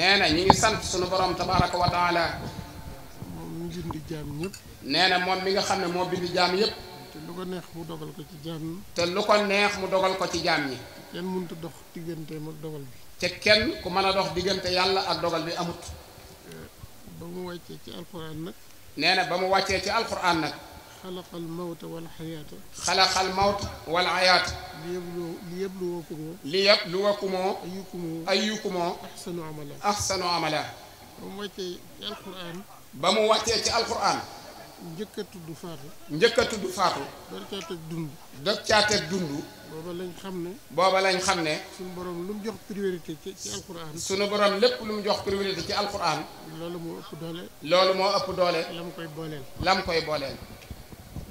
nee na ñu ngi sant sunu borom tabaraka wa taala moom mi bind jaam ñëpp nee na moom bi nga xam ne moo bind jaam yëpp te lu ko neex mu dogal ko ci jaam ñi te lu neex mu dogal ko ci jaam ñi kenn mënut a dox digganteem ak dogal bi te kenn ku mën a dox diggante yàlla ak dogal bi amut eh, ba mu wàccee ci alquran nag nee na ba mu wàccee ci alquran nag xalaqal mawta wal xayaata. xalaqal mawta wal xayaata. li yabluw li yabluwakumoo. li yabluwakumoo. ayyukumoo ayyukumoo. axsanu amala axsanu amala. ba mu wàccee ci alquran. ba mu wàccee ci alquran. njëkk a tudd faatu. njëkk a tudd faatu. doog caa teg dund. doog caa teg dund. booba lañ xam ne. booba lañ xam ne. sunu borom lu mu jox priorité ci ci alquran. sunu borom lépp lu mu jox priorité ci alquran. loolu moo ëpp doole. loolu moo ëpp doole. la mu koy booleel. la mu koy booleel.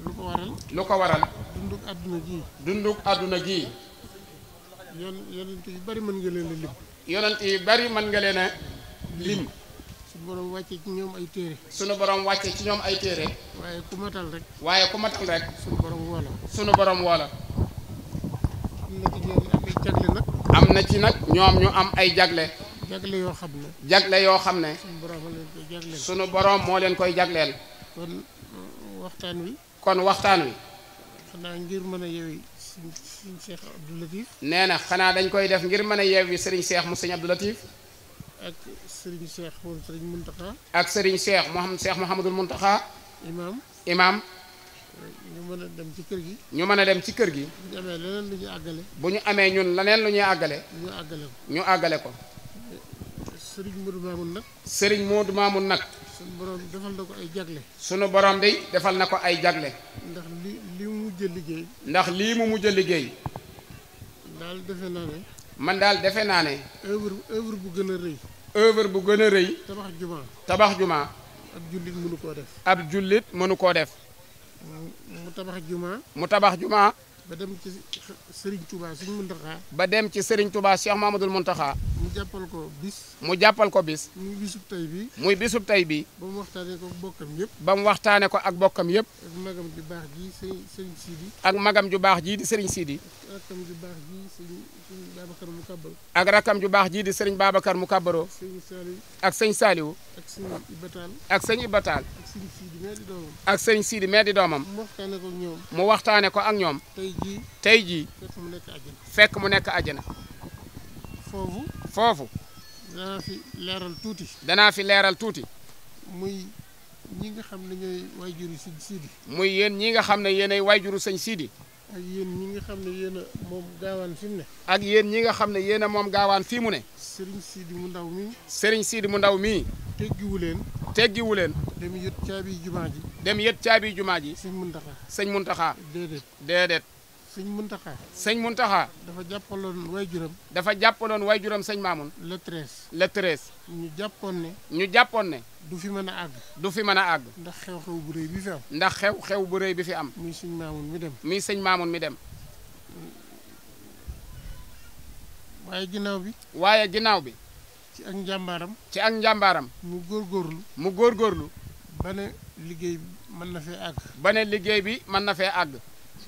lu ko waral. lu ko waral. dunduk àdduna gi. dunduk àdduna gi. yonent yi bari mën nga leen a lim. yonent bari mën nga leen a lim. suñu borom wàcce ci ñoom ay téere. suñu borom wàcce ci ñoom ay téere. waaye ku matal rek. waaye ku suñu borom woola. suñu borom na ci nag. am ñu am ay jagle. jagle yoo jagle yoo xam ne. suñu borom moo leen koy jagleel. borom moo leen koy jagleel. kon waxtaan wi. kon waxtaan wi. xanaa ngir mën a yeewi nee na xanaa dañ koy def ngir mën a yeewi sëriñ seex mu sëriñ Abdou Latif. ak sëriñ Cheikh moom sëriñ Muntaxa. ak sëriñ Cheikh Mouhamad Cheikh Mouhamadul Muntaxa. imaam imaam. ñu mën a dem ci kër gi. ñu mën a dem ci kër gi. bu ñu amee leneen lu ñuy ñu amee ñun leneen lu ñuy àggale. ñu àggale ko ñu àggale ko. sëriñ Modou nag. sëriñ Modou Mamoun nag. sunu borom defal na ko ay jagle. sunu borom de defal na ko ay jagle. ndax li li mu mujj liggéey. ndax lii mu mujj liggéey. daal defe naa man daal defe naa ne. œuvre bu gën a rëy. œuvre bu gën a rëy. tabax juma. tabax juma. ab jullit mënu koo def. ab jullit mënu koo def. mu tabax juma. mu tabax juma. Serigne Touba Serigne Mountakha. ba dem ci Serigne Touba Cheikh Mamadou Mountakha. mu jàppal ko bis. mu jàppal ko bis. muy bisub tey bi muy bisub tey bi ba mu waxtaanee ko ak bokkam yëpp. ba mu waxtaanee ko ak bokkam yëpp. ak magam ju baax ji Serigne ak magam ju baax ji di Serigne Sidi. ak rakam ju baax ji di Serigne Babacar mu kàbbaroo. ak sëñ Saliou. ak sëñ Ibataal. ak sëñ Ibataal. ak sëñ Sidi mee di doomam. mu waxtaanee ko ak ñoom. mu waxtaanee jii. fekk mu nekk àjjana. fekk mu nekk àjjana. foofu. foofu. danaa fi leeral tuuti. danaa fi leeral tuuti. muy ñi nga xam ne ñooy wayjuru sëñ Sidi. muy yéen ñi nga xam ne yéenay wayjuru sëñ Sidi. ak yéen nga xam ne yéen moom gaawaan fi ak yéen ñi nga xam ne yéen a moom gaawaan fii mu ne. Serigne Sidi mu ndaw mii. Serigne Sidi mu ndaw mii. teggiwu leen. teggiwu leen. dem yët caabi jumaa dem yët caabi jumaa ji. sëñ Muntaxa. sëñ Muntaxa. déedéet sëñ Muntaxa. sëñ Muntaxa. dafa jàppaloon wayjuram. dafa jàppaloon wayjuram sëñ Maamun. le treize. le treize. ñu jàppoon ne. ñu jàppoon ne. du fi mën a àgg. du fi mën a àgg. ndax xew-xew bu rëy bi fi am. ndax xew-xew bu rëy bi fi am. muy sëñ Maamun mi dem. muy sëñ Maamun mi dem. waaye ginnaaw bi. waaye ginnaaw bi. ci ak njàmbaaram. ci ak njàmbaaram. mu góor mu góorgóorlu. ba liggéey bi mën na fee àgg. ba liggéey bi mën na fee àgg.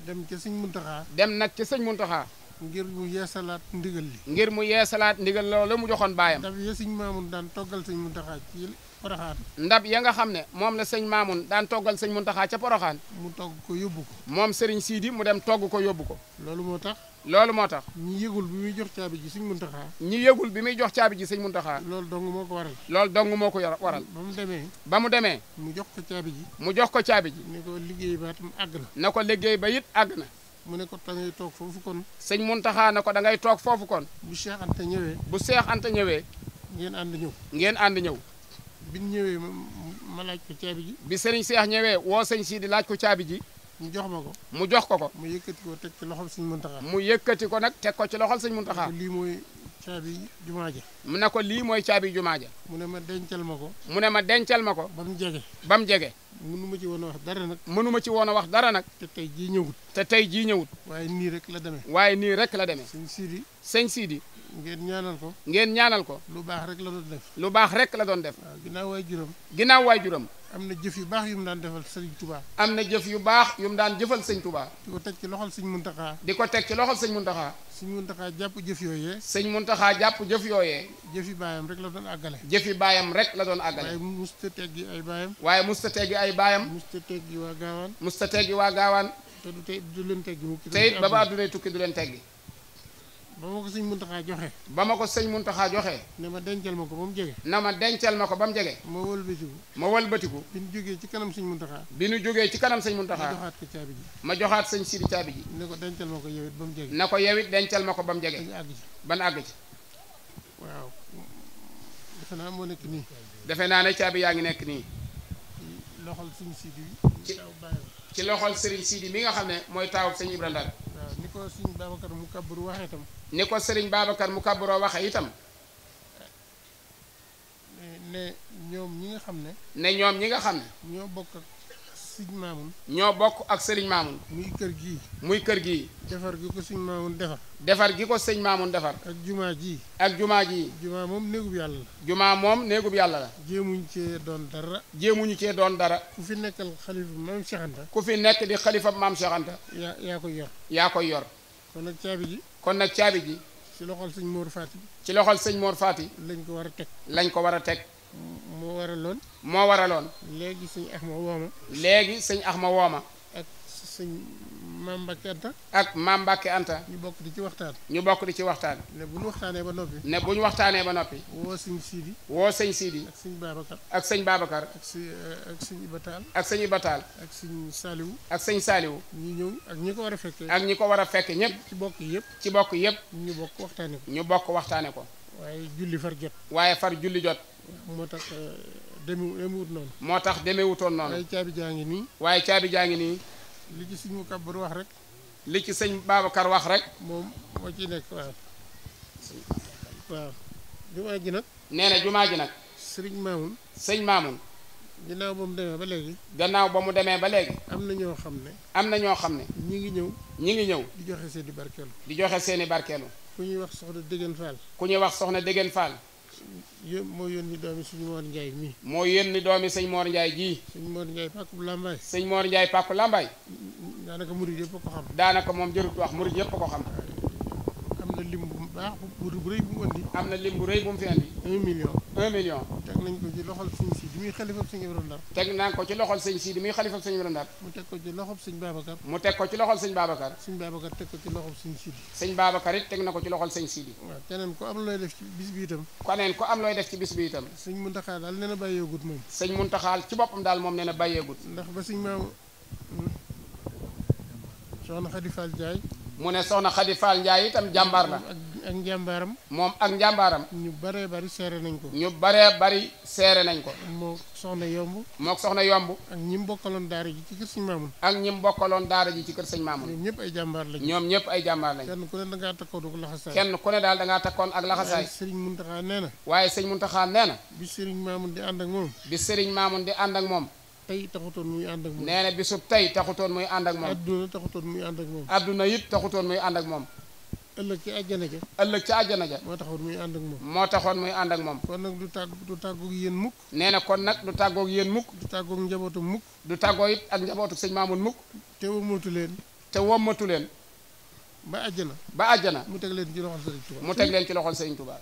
dem ca sëñ Muntaxa dem nag ca sëñ Muntaxa ngir mu yeesalaat ndigal li ngir mu yeesalaat ndigal loolu mu joxoon baayam daf ya sëñ Maamun daan toggal sëñ Muntaxa ci poroxaan ndab ya nga xam ne moom la sëñ Maamun daan toggal sëñ Muntaxaa ca poroxaan mu togg ko yóbbu ko moom sëriñ Siidi mu dem togg ko yóbbu ko loolu moo tax loolu moo tax ñi yëgul bi muy jox caabi ji sëñ Muntaxaa ñi yëgul bi muy jox caabi ji sëñ Muntaxaa loolu dong moo ko waral lool dong moo ko waral ba mu demee ba mu demee mu jox ko caabi ji mu jox ko caabi ji ne ko liggéey ba itam àgg na na ko liggéey ba it àgg na mu ne ko da ngay toog foofu kon sëñ Muntaxaa ne ko da toog foofu kon bu Seex Anta ñëwee bu Seex Anta ñëwee ngeen ànd ñëw ngeen ànd ñëw bi ñëwee ma laaj ko caabi ji. bi sëriñ Seex ñëwee woo sëñ Sidi laaj ko caabi ji. mu jox ma ko. mu jox ko ko. mu yëkkati ko teg ci loxol sëñ Muntaxa. mu yëkkati ko nag teg ko ci loxol sëñ Muntaxa. lii mooy caabi jumaa ja. mu ne lii mooy caabi jumaa ja. mu ne ma dencal ma ko. mu ne ma dencal ma ko. ba mu jege. ba mu jege. mënu ma ci woon a wax dara nag. mënu ma ci woon a wax dara nag. te tey jii ñëwut. te tey jii ñëwut. waaye nii rek la demee. waaye nii rek la demee. sëñ Sidi. sëñ Sidi. ngeen ñaanal ko. ngeen ñaanal ko. lu baax rek la doon def. lu baax rek la doon def. waaw ginnaaw waay juróom. ginnaaw waay juróom. am na jëf yu baax yu mu daan defal sëñ Touba. na jëf yu baax yu mu jëfal sëñ Touba. di ko teg ci loxol sëñ Muntaxa. di ko teg ci loxol sëñ Muntaxa. sëñ Muntaxa jàpp jëf yooyee. sëñ Muntaxa jàpp jëf yooyee. jëfi baayam rek la doon àggale. jëfi baayam rek la doon àggale. waaye musta teggi ay baayam. waaye musta teggi ay baayam. musta teggi waa gaawaan. musta teggi waa gaawaan. te du tey du leen teggi mukk. te it ba ba àdduna tukki du leen teggi ba ma ko sëñ Muntaxa joxe. ba ma ko sëñ Muntaxa joxe. na ma dencal ma ko ba mu jege. na ma dencal ma ko ba mu jege. ma wëlbatiku. ma wëlbatiku. bi nu jógee ci kanam sëñ Muntaxa. bi nu jógee ci kanam sëñ Muntaxa. ma joxaat ko caabi ma joxaat sëñ Sidi caabi ji. ne ko dencal ma ko yow it ba mu jege. ne ko yow it dencal ma ko ba mu jege. ban àgg ci ban àgg ci. waaw. naa moo nekk nii. defe naa ne caabi yaa ngi nekk nii. ci loxol sëñ Sidi. ci loxol Serigne Sidi mi nga xam ne mooy taawub sëñ Ibrahima ni ko sëriñ Babacar mu kabbaru waxee itam. ni ko sëriñ Babacar mu kabbaroo waxee itam. ne ñoom ñi nga xam ne. ne ñoom ñi nga xam ne. ñoo bokk ak sëñ Maamun. ñoo bokk ak sëriñ Maamun. muy kër gi muy kër gi defar gi ko sëñ Maamun defar. defar gi ko sëñ Maamun defar. ak jumaa ji. ak jumaa ji. jumaa moom néegub yàlla la. jumaa moom néegub yàlla la. jéemuñu cee doon dara. jéemuñu cee doon dara. ku fi nekkal xalifa maam Cheikh ku fi nekk di xalifa maam Cheikh Anta. yaa yaa koy yor. yaa koy yor. kon nag caabi ji. kon nag caabi ji. ci loxol sëñ Mor Fati. ci loxol sëñ Mor Fati. lañ ko war a teg. lañ ko war a teg. moo waraloon. moo waraloon. léegi sëñ Axma wooma. léegi sëñ Axma wooma. ak sëñ Maam Mbacke Anta. ak Maam Mbacke Anta. ñu bokk di ci waxtaan. ñu bokk di ci waxtaan. ne waxtaanee ba noppi. waxtaanee ba noppi. woo sëñ Sidi. woo sëñ Sidi. ak sëñ Babacar. ak sëñ Babacar. ak sëñ eh, ak sëñ ak sëñ Ibataal. ak sëñ Saliou. ak sëñ Saliou. ñu ñëw ak ñi ko war a fekkee. ak ñi ko war a fekkee ñëpp. ci bokk yëpp. ci bokk yëpp. ñu bokk waxtaanee ko. ñu bokk waxtaanee ko. waaye julli far jot. waaye far julli jot. moo tax euh, demewut noonu. moo tax demewutoon noonu. waaye caabi jaa ngi nii. waaye caabi jaa ngi nii. li ci siñ sëñ Babacar wax rek. li ci sëñ Babacar wax rek. moom moo ciy nekk waaw. waaw jumaa ji nag. nee na jumaa ji nag. sëriñ Mamoun. sëñ Mamoun. gannaaw ba mu demee ba léegi. gannaaw ba mu demee ba léegi. am na ñoo xam ne. am na ñoo xam ne. ñi ngi ñëw. ñi ngi ñëw. di joxe seen i barkeelu. di joxe seen i barkeelu. ku ñuy wax soxna Dégène Fall. ku ñuy wax soxna Dégène Fall. moo moo yónni doomi suñu Mor Ndiaye mii. moo yónni doomi sëñ moor Ndiaye jii. sëñ Mor Ndiaye pàkku Lambaay. sëñ Mor Ndiaye pàkku Lambaay. daanaka murid yëpp ko xam. daanaka moom jërut wax murid yëpp ko xam. am na lim bu baax bu bu rëy bu mu andi. am na lim bu rëy bu mu fi un million. un million. nañ ko ci loxol sëñ si di muy xalifab sëñ Ibra Ndar teg nañ ko ci loxol sëñ si muy xalifab sëñ Ibra mu teg ko ci loxol sëñ Babacar mu teg ko ci loxol sëñ Babacar sëñ Babacar it teg na ko ci loxol sëñ Sidi waaw keneen ko am looy def ci bis bi itam keneen ko am daal nee na bàyyeegut moom sëñ Muntaxa ci boppam daal moom nee na bàyyeegut ndax ba sëñ maam hmm, soxna Xadi Jaay mu ne soxna Xadi Faal Njaay itam jàmbaar la. ak njàmbaaram. moom ak njàmbaaram. ñu bare bari seere nañ ko. ñu baree bari seere nañ ko. mook soxna yomb. mook soxna yomb. ak ñi mu bokkaloon daara ji ci kër sëñ Maamun. ak ñi mu bokkaloon daara ji ci kër sëñ Maamun. ñoom ñëpp ay jàmbaar lañ. ñoom ñëpp ay jàmbaar lañ. kenn ku ne da ngaa takkoon ak laxasaay. kenn ku ne daal da ngaa takkoon ak laxasaay. waaye sëriñ Muntaxa nee na. waaye sëriñ Muntaxa nee na. bi sëriñ Maamun di ànd ak moom. bi sëriñ Maamun di ànd ak moom. tey taxutoon muy ànd ak moom. nee bisub tey taxutoon muy ànd ak moom. adduna taxutoon muy ànd ak moom. taxutoon muy ànd ak moom. ëllëg ci àjjana ja ëllëg ci àjjana ja moo taxoon muy ànd ak moom moo taxoon muy ànd ak moom kon nag du tàgg du tàggoog yéen mukk nee na kon nag du tàggoog yéen mukk du tàggoog njabootu mukk du tàggoo it ak njabootu sëñ Maamun mukk te wommatu leen te wommatu leen ba àjjana ba àjjana mu teg leen ci loxol sëriñ Tuubaa mu teg leen ci loxol sëriñ Tuubaa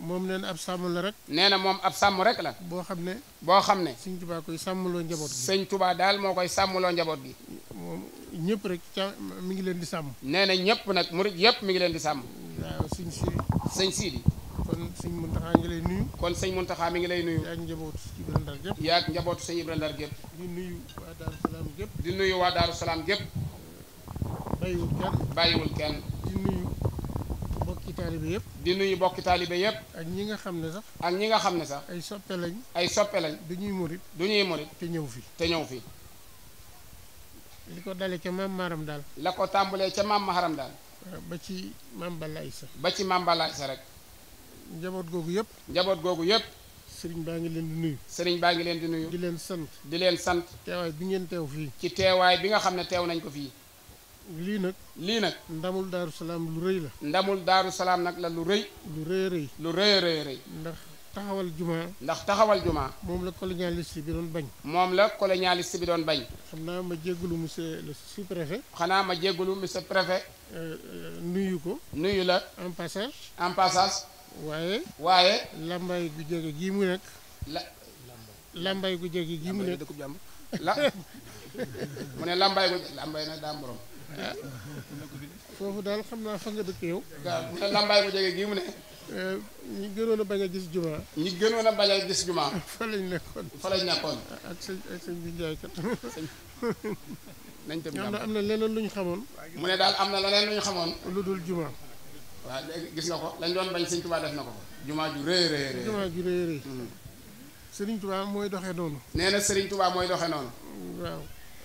moom nee na ab sàmm la rek. nee na moom ab sàmm rek la. boo xam ne. boo xam ne. sëñ Tuubaa koy sàmmloo njaboot gi. sëñ Tuubaa daal moo koy sàmmloo njaboot gi. moom ñëpp rek mu ngi leen di sàmm. nee na ñëpp nag murit yëpp mi ngi leen di sàmm. waaw sëñ Sidi. sëñ Sidi. kon sëñ Muntaxaa ngi lay nuyu. kon sëñ Muntaxaa mi ngi lay nuyu. yaag njabootu sëñ Ibra Ndar gépp. yaag njabootu sëñ Ibra Ndar gépp. di nuyu waa Daaru Salaam gépp. di nuyu waa Salaam gépp. bàyyiwul kenn. bàyyiwul kenn. di nuyu. taalibe yëpp di nuyu bokki taalibe yëpp ak ñi nga xam ne sax ak ñi nga xam ne sax ay soppe lañ ay soppe lañ du ñuy murit du ñuy murit te ñëw fii te ñëw fii li ko dalee ca maam maram daal la ko tàmbalee ca maam maharam daal ba ci maam Balla Isa ba ci maam Balla Isa rek njaboot googu yëpp njaboot googu yëpp sëriñ ba ngi leen di nuyu sëriñ baa ngi leen di nuyu di leen sant di leen sant teewaay bi ngeen teew fii ci teewaay bi nga xam ne teew nañ ko fii lii nag lii nag ndamul daaru salaam lu rëy la ndamul daaru salaam nag la lu rëy lu rëy rëy lu rëy rëy ndax taxawal jumaa ndax taxawal jumaa moom la colonialiste bi moom la colonialiste bi doon bañ xam naa ma jéggulu monsieur le sous-préfet xanaa ma jéggulu monsieur préfet euh, euh, nuyu ko nuyu la en passage en passage waaye waaye lambay gu jege gii mu nekk la lambay gu jege gii mu nekk la mu ne lambay gu lambay nag daa morom foofu daal xam naa fa nga dëkk yow. waaw mu ne Lambaay mu jege gii mu ne. ñi gënoon bañ a gis juma. ñi gënoon a bañ a gis juma. fa lañ nekkoon fa lañ nekkoon. ak sëñ ak sëñ bi Njaay kat. nañ tamit am na am na leneen lu ñu xamoon. mu ne daal am na leneen lu xamoon. lu dul juma. waa gis nga ko lañ doon bañ sëñ Tuubaa def na ko fa. juma ju rëy rëy rëy. juma mm. mooy doxee noonu. nee na tubaa mooy doxee noonu. waaw.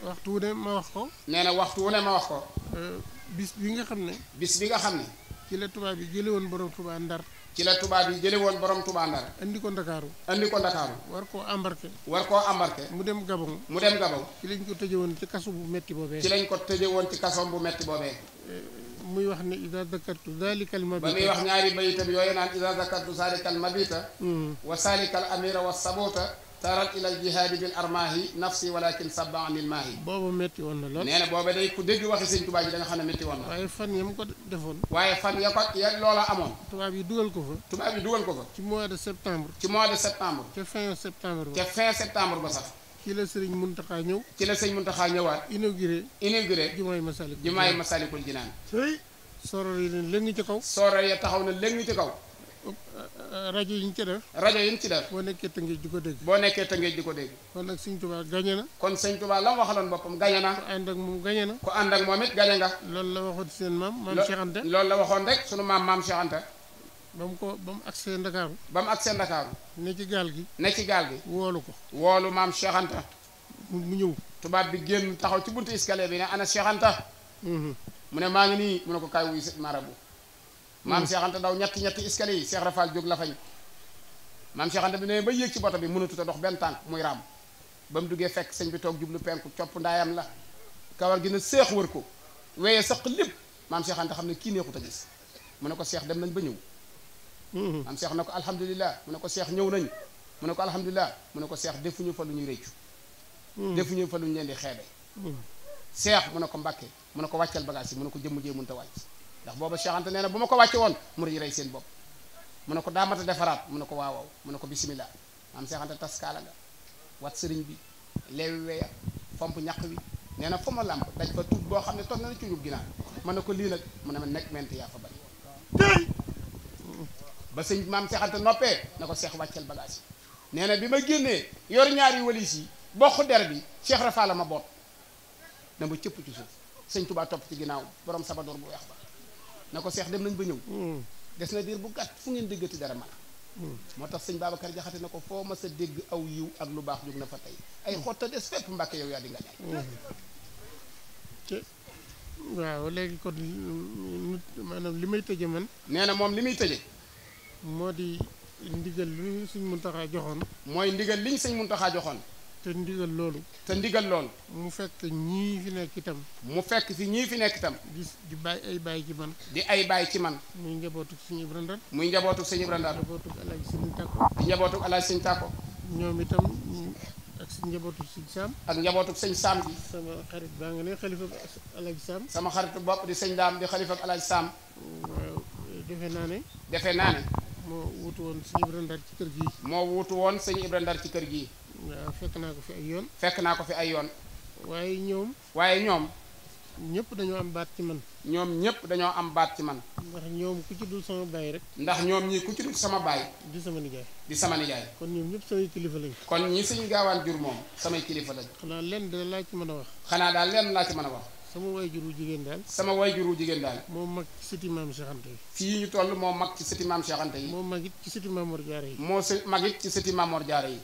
waxtu wu ne ma wax ko. nee na waxtu wu ne ma wax ko. Euh, bis bi nga xam ne. bis bi nga xam ne. ci la tubaab yi jëlee woon borom Touba Ndar. ci la tubaab yi jële woon borom Touba Ndar. andi ko Ndakaaru. andi ko Ndakaaru. war koo embarqué. war koo embarqué. mu dem Gabon. mu dem Gabon. ci lañ ko tëjee woon ci kaso bu metti boobee. ci lañ ko woon ci kaso bu metti boobee. Euh, muy wax ne ida dakartu zalikal mabita ba muy wax ñaari bayitam yooyu naan ida dakartu zalikal mabita hmm. wa salikal amira wa sabota taral ilal jihaadi bil armaahi nafsi walakin sabba anil maahi booba métti woon na lool nee booba day ku dégg waxi sëñ tubaab yi da xam ne métti woon na waaye fan yam ko defoon waaye fan ya ko ya loola amoon tubaab yi dugal ko fa tubaab yi dugal ko fa ci mois de septembre ci mois de septembre ca fin septembre ba ca fin septembre ba sax ci la sëriñ Muntaxa ñëw ci la sëriñ Muntaxa ñëwaat inauguré inauguré jumaay Masaalikul jumaay Masaalikul Jinaan yi ne lëng ci taxaw na lëng rajo yi ñu ci def rajo yi ñu ci def boo nekkee tëngeej di ko dégg boo nekkee tëngeej di ko dégg kon nag sëñ Tuubaa gañe na kon sëñ Tuubaa la mu waxaloon boppam na ku ànd ak moom gañe na ku ànd ak la waxoon seen loolu la waxoon rek sunu maam maam Cheikh Anta ba mu ko ba mu agsee Ndakaaru ba mu agsee Ndakaaru gi ne ci gaal gi woolu ko woolu maam Cheikh Anta tubaab bi génn taxaw ci buntu escalier bi ne ana Cheikh mhm. mu ne maa ngi nii mu ne ko kaay wuy marabu maam mm. Cheikh Anta Ndaw ñetti ñetti escalier yi Cheikh Rafal jóg la fañ maam Cheikh bi ne ba yéeg ci boto bi mënatut a dox benn tànk muy raam ba mu duggee fekk sëñ bi toog jublu penku copp ndaayam la kawar gi ne seex wër ko weye saq lépp maam Cheikh xam ne kii ne neexut a gis mu ne ko seex dem nañ ba ñëw mm-hmm. maam Cheikh ne ko alhamdulilah mu ne ko seex ñëw nañ mu ne ko alhamdulilah mu ne ko seex defu ñu fa lu ñuy réccu mm. defuñu fa lu ñu leen di xeebe mm. seex mu ne ko mbàkke mu ne ko wàccal bagage yi mu ko jëmm jee mënta ndax booba Cheikh Anta bu ma ko wàcce woon mu rëy rey seen bopp mu ne ko daa mat a defaraat mu ne ko waaw mu ne ko bisimilah maam Cheikh taskaala nga wat sëriñ bi leewi weya fomp ñaq wi nee na fa ma làmp daj fa tuut boo xam ne toog na na cuñub ginaar mën ne ko lii nag mu ne ma nekk ment yaa fa bari tey ba sëñ maam Cheikh noppee na ko seex wàccel bagage yi nee na bi ma génnee yor ñaari walis yi bokk der bi Cheikh Rafa ma boot na ma cëpp ci suuf sëñ Tuubaa ci ginnaaw borom sabadoor bu weex ba na ko seex dem nañ ba ñëw hmm. des na diir bu gàtt fu ngeen déggati dara man hmm. moo tax sëñ Babacar jaxate na ko foo ma sa dégg aw yiw ak lu baax jóg na fa tey ay hmm. xotta des fépp mbàkke yow yaa di nga waaw léegi kon maanaam li may tëje man nee na moom li muy tëje moo di ndigal li mun Muntaxa joxoon mooy ndigal liñ sëñ taxaa joxoon te ndigal loolu. te ndigal loolu. mu fekk ñii fi nekk itam. mu fekk si ñii fi nekk itam. di di bàyyi ay bàyyi ci man. di ay bàyyi ci man. muy njabootu suñu brandat. muy njabootu suñu brandat. njabootu alaaji suñu tàkko. njabootu alaaji suñu tàkko. ñoom itam ak suñu njabootu suñu saam. ak njabootu sëñ saam bi. sama xarit baa nga ne xalifa alaaji saam. sama xarit bopp di sëñ daam di xalifa alaaji saam. waaw defe naa ne. defe naa ne. moo wutu woon suñu brandat ci kër gi moo wutu woon suñu brandat ci kër gii waaw fekk naa ko fi ay yoon. fekk naa ko fi ay yoon. waaye ñoom. waaye ñoom. ñëpp dañoo am baat ci man. ñoom ñëpp dañoo am baat ci man. ndax ñoom ku ci dul sama baay rek. ndax ñoom ñii ku ci dul sama baay. di sama nijaay. di sama nijaay. kon ñoom ñëpp samay kilifa lañ. kon ñi suñu gaawaan jur moom samay kilifa lañ. xanaa lenn daal laa ci mën a wax. xanaa daal lenn laa ci mën a wax. sama waajuru jigéen daal sama waajuru jigéen daal moo mag ci sëti maam Cheikh Anta yi fii ñu toll moo mag ci sëti maam Cheikh yi moo mag ci sëti maam Mor Jaara yi moo sa mag it ci yi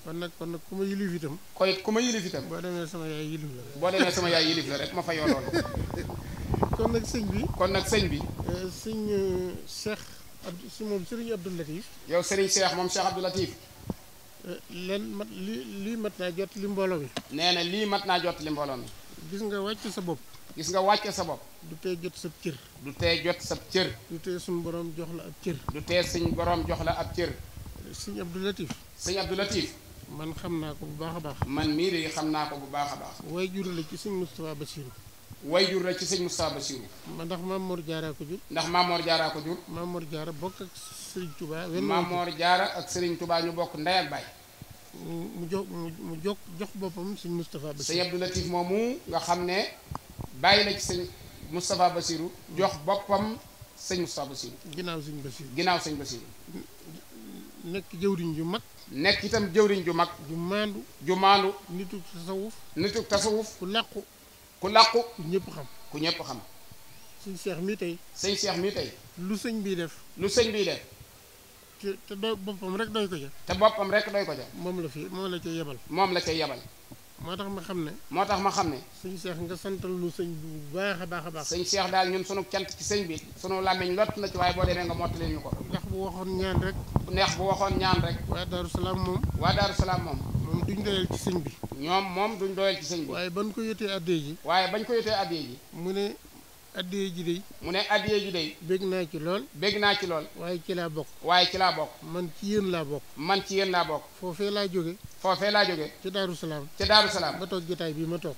kon nag kon nag ku ma yilif itam koyit ku ma yilif itam boo demee sama yaay yilif la rek boo demee rek ma fa yoo loolu kon nag sëñ bi kon nag sëñ bi eh, sëñ eh, Cheikh Abdou si moom Serigne yow Serigne Cheikh moom Cheikh Abdou Latif eh, len mat lii mat naa jot li mbooloo mi nee na lii mat naa jot li mbooloo mi gis nga wàcc sa bopp gis nga wàcce sa bopp du tee jot sab cër du tee jot sab cër du tee suñ boroom jox la ak cër du tee suñ boroom jox la ak cër sëñ Abdou Latif sëñ Abdou man xam naa ko bu baax a baax man mii de xam naa ko bu baax a baax way jur la ci sëñ Moustapha Bassirou way jur la ci sëñ Moustapha Bassirou ma ndax Mamor Diarra ko jur ndax Mamor Diarra ko jur Mamor Diarra bokk ak Serigne Touba wenn Mamor Diarra ak Serigne Touba ñu bokk ndey ak baay mu jox mu jox jox boppam sëñ Moustapha Bassirou sëñ Abdou Latif xam ne bàyyi la ci sëñ Moustapha Bassirou jox boppam sëñ Moustapha Bassirou. ginnaaw sëñ Bassirou ginnaaw sëñ Bassirou. nekk jëwriñ ju mag. nekk itam jëwriñ ju mag. ju maandu ju maandu. nituk tasawuf. nituk tasawuf. ku làqu. ku làqu. ku ñëpp xam ku ñëpp xam. sëñ Cheikh mii tey. sëñ Cheikh mii tey. lu sëñ bii def. lu sëñ bii def. te te boppam rek doy ko ca. te boppam rek doy ko ca. moom la fi moom la cay yebal. moom la cay yebal. moo tax ma xam ne. moo tax ma xam ne. sëñ Cheikh nga santal lu sëñ bi bu baax a baax a baax. sëñ Cheikh daal ñun sunu cant ci sëñ bi. sunu làmmiñ lott na ci waaye boo demee nga mottalee ñu ko. ndax bu waxoon ñaan rek. neex bu waxoon ñaan rek. waa Daaru Salaam moom. waa Daaru Salaam moom. moom duñ doyal ci sëñ bi. ñoom moom duñ doyal ci sëñ bi. waaye bañ ko yotee addee ji. waaye bañ ko yotee addee ji. mu ne addee ji day. mu ne addee ji day. bég naa ci lool. bég naa ci lool. waaye ci laa bokk. waaye ci bokk. man ci yéen laa bokk. man ci yéen laa bokk. foofee laa jóge foofee laa jógee. ci Daaru Salaam. ci Daaru Salaam. ba toog jotaay bii ma toog.